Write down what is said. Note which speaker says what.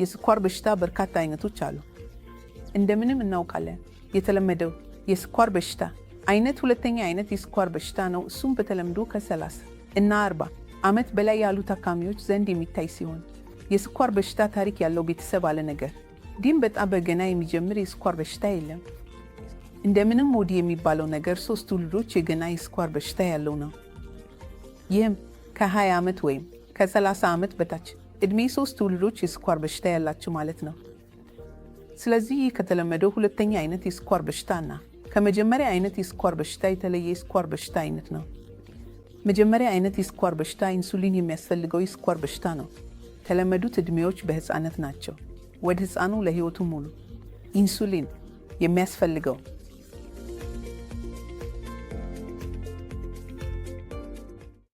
Speaker 1: የስኳር በሽታ በርካታ አይነቶች አሉ። እንደምንም እናውቃለን። የተለመደው የስኳር በሽታ አይነት ሁለተኛ አይነት የስኳር በሽታ ነው። እሱም በተለምዶ ከ30 እና 40 ዓመት በላይ ያሉ ታካሚዎች ዘንድ የሚታይ ሲሆን የስኳር በሽታ ታሪክ ያለው ቤተሰብ አለ። ነገር ግን በጣም በገና የሚጀምር የስኳር በሽታ የለም። እንደምንም ሞዲ የሚባለው ነገር ሶስት ውልዶች የገና የስኳር በሽታ ያለው ነው። ይህም ከ20 ዓመት ወይም ከ30 ዓመት በታች እድሜ ሶስት ትውልዶች የስኳር በሽታ ያላቸው ማለት ነው። ስለዚህ ይህ ከተለመደው ሁለተኛ አይነት የስኳር በሽታና ከመጀመሪያ አይነት የስኳር በሽታ የተለየ የስኳር በሽታ አይነት ነው። መጀመሪያ አይነት የስኳር በሽታ ኢንሱሊን የሚያስፈልገው የስኳር በሽታ ነው። የተለመዱት እድሜዎች በህፃነት ናቸው። ወደ ሕፃኑ ለሕይወቱ ሙሉ ኢንሱሊን የሚያስፈልገው